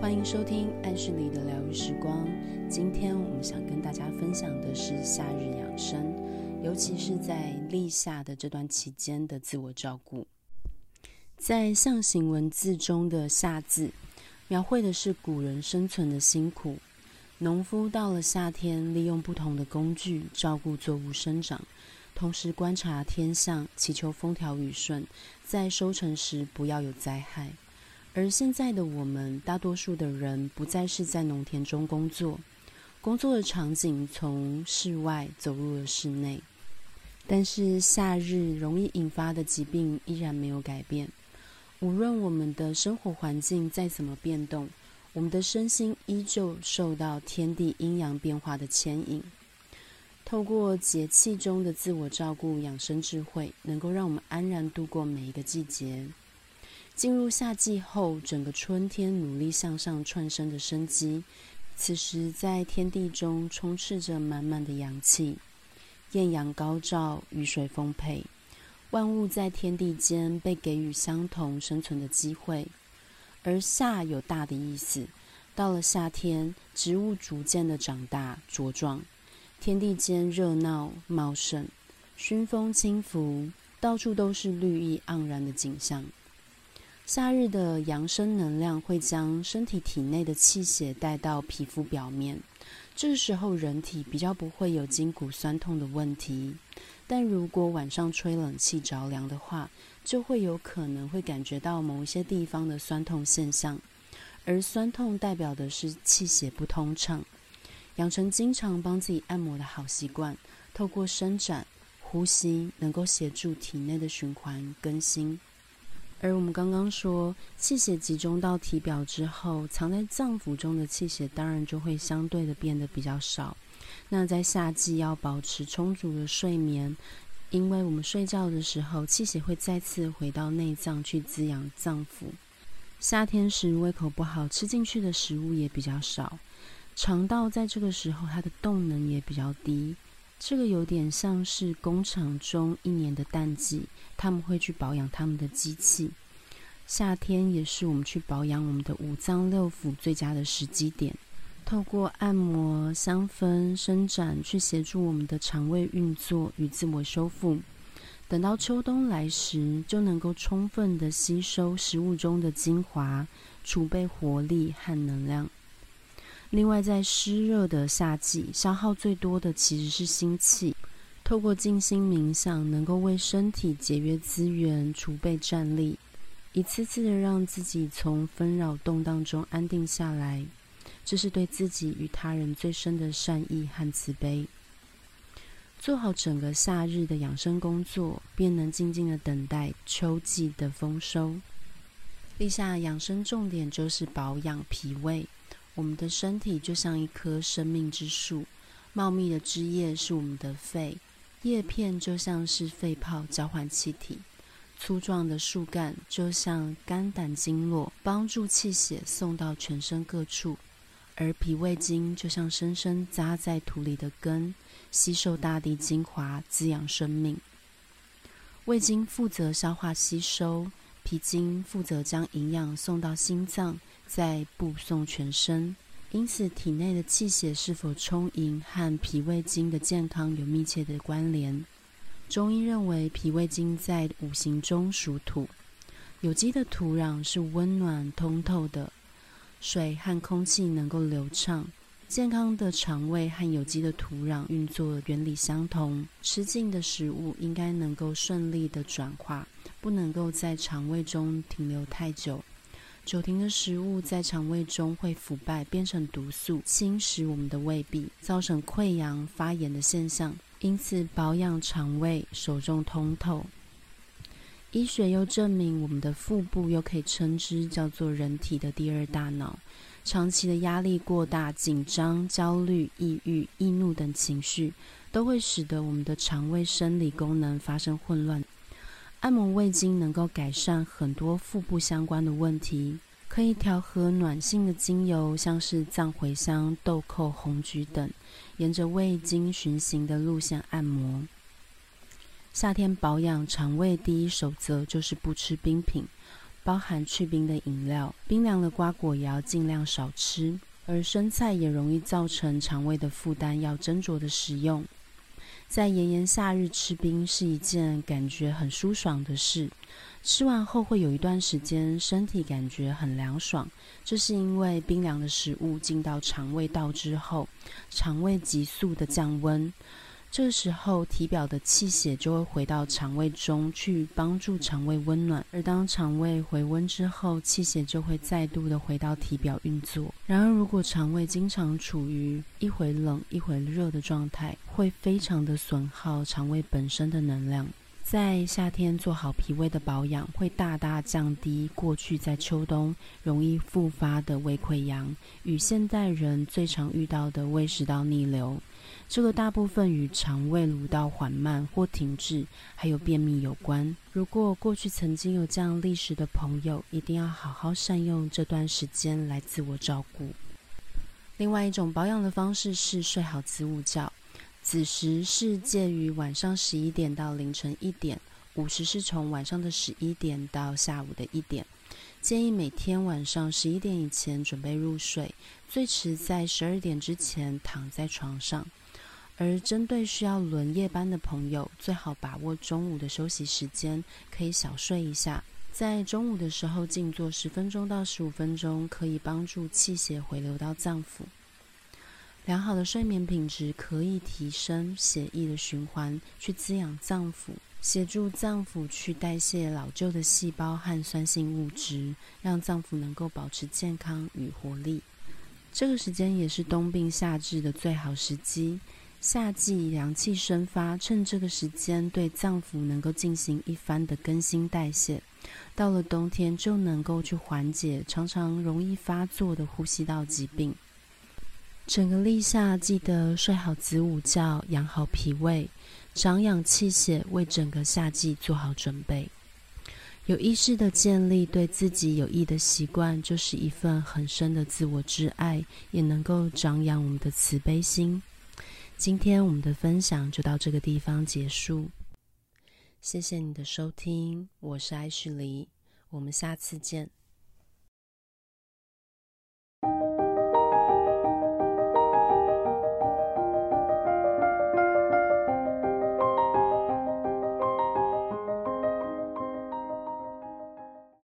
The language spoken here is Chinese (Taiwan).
歡迎收聽《暗室裡的療癒時光》。今天我們想跟大家分享的是夏日養生，尤其是在立夏的這段期間的自我照顧。在象形文字中的“夏”字，描繪的是古人生存的辛苦。農夫到了夏天，利用不同的工具照顧作物生長，同時觀察天象，祈求風調雨順，在收成時不要有災害。而現在的我們，大多數的人不再是在農田中工作，工作的場景從室外走入了室內，但是夏日容易引發的疾病依然沒有改變。無論我們的生活環境再怎麼變動，我們的身心依舊受到天地陰陽變化的牽引。透過節氣中的自我照顧養生智慧，能夠讓我們安然度過每一個季節。進入夏季後，整個春天努力向上竄升的生機，此時在天地中充斥着滿滿的陽氣，豔陽高照，雨水豐沛，萬物在天地間被給予相同生存的機會。而夏有大的意思，到了夏天，植物逐漸的長大茁壯，天地間熱鬧茂盛，熏風輕拂，到處都是綠意盎然的景象。夏日的陽生能量會將身體體內的氣血帶到皮膚表面，這時候人體比較不會有筋骨酸痛的問題。但如果晚上吹冷氣着涼的話，就會有可能會感覺到某一些地方的酸痛現象，而酸痛代表的是氣血不通暢。養成經常幫自己按摩的好習慣，透過伸展、呼吸，能夠協助體內的循環更新。而我們剛剛說，氣血集中到體表之後，藏在臟腑中的氣血當然就會相對的變得比較少。那在夏季要保持充足的睡眠，因為我們睡覺的時候，氣血會再次回到內臟去滋養臟腑。夏天時胃口不好，吃進去的食物也比較少，腸道在這個時候它的動能也比較低。這個有點像是工廠中一年的淡季，他們會去保養他們的機器。夏天也是我們去保養我們的五臟六腑最佳的時機點，透過按摩、香氛、伸展去協助我們的腸胃運作與自我修復。等到秋冬來時，就能夠充分的吸收食物中的精華，儲備活力和能量。另外，在濕熱的夏季，消耗最多的其實是心氣。透過靜心冥想，能夠為身體節約資源、儲備戰力，一次次的讓自己從紛擾動盪中安定下來，這是對自己與他人最深的善意和慈悲。做好整個夏日的養生工作，便能靜靜的等待秋季的豐收。立夏養生重點就是保養脾胃。我們的身體就像一棵生命之樹，茂密的枝葉是我們的肺，葉片就像是肺泡交換氣體；粗壯的樹幹就像肝膽經絡，幫助氣血送到全身各處；而脾胃經就像深深扎在土裡的根，吸收大地精華，滋養生命。胃經負責消化吸收。脾經負責將營養送到心臟，再布送全身。因此，體內的氣血是否充盈和脾胃經的健康有密切的關聯。中醫認為，脾胃經在五行中屬土，有機的土壤是溫暖、通透的，水和空氣能夠流暢。健康的腸胃和有機的土壤運作原理相同，吃進的食物應該能夠順利的轉化。不能夠在腸胃中停留太久，久停的食物在腸胃中會腐敗，變成毒素，侵蝕我們的胃壁，造成潰瘍、發炎的現象。因此，保養腸胃，首重通透。醫學又證明，我們的腹部又可以稱之叫做人體的第二大腦。長期的壓力過大、緊張、焦慮、抑鬱、易怒等情緒，都會使得我們的腸胃生理功能發生混亂。按摩胃經能夠改善很多腹部相關的問題，可以調和暖性的精油，像是藏茴香、豆蔻、紅橘等，沿着胃經循行的路線按摩。夏天保養腸胃第一守則就是不吃冰品，包含去冰的飲料，冰涼的瓜果也要儘量少吃，而生菜也容易造成腸胃的負擔，要斟酌的食用。在炎炎夏日，吃冰是一件感覺很舒爽的事，吃完後會有一段時間身體感覺很涼爽，這是因為冰涼的食物進到腸胃道之後，腸胃急速的降溫。這時候，體表的氣血就會回到腸胃中去，幫助腸胃溫暖。而當腸胃回溫之後，氣血就會再度的回到體表運作。然而，如果腸胃經常處於一會冷一會熱的狀態，會非常的損耗腸胃本身的能量。在夏天做好脾胃的保養，會大大降低過去在秋冬容易復發的胃潰瘍，與現代人最常遇到的胃食道逆流。這個大部分與腸胃蠕動緩慢或停滯，還有便秘有關。如果過去曾經有這樣歷史的朋友，一定要好好善用這段時間來自我照顧。另外一種保養的方式是睡好子午覺。子時是介於晚上十一點到凌晨一點，午時是從晚上的十一點到下午的一點。建議每天晚上十一點以前準備入睡，最遲在十二點之前躺在床上。而針對需要輪夜班的朋友，最好把握中午的休息時間，可以小睡一下。在中午的時候靜坐十分鐘到十五分鐘，可以幫助氣血回流到臟腑。良好的睡眠品質可以提升血液的循環，去滋養臟腑，協助臟腑去代謝老舊的細胞和酸性物質，讓臟腑能夠保持健康與活力。這個時間也是冬病夏治的最好時機。夏季陽氣生發，趁這個時間對臟腑能夠進行一番的更新代謝，到了冬天就能夠去緩解常常容易發作的呼吸道疾病。整個立夏，記得睡好子午覺，養好脾胃，長養氣血，為整個夏季做好準備。有意識的建立對自己有益的習慣，就是一份很深的自我之愛，也能夠長養我們的慈悲心。今天我們的分享就到這個地方結束，謝謝你的收聽，我是艾旭黎，我們下次見。